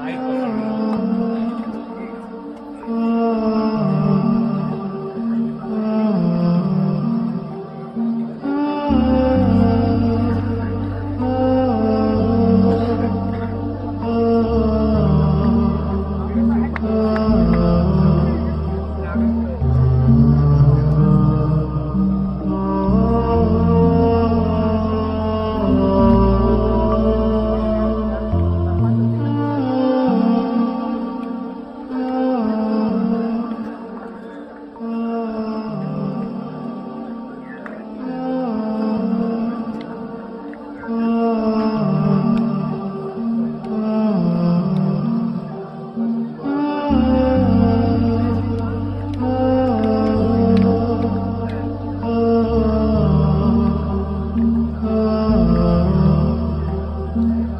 light Amen.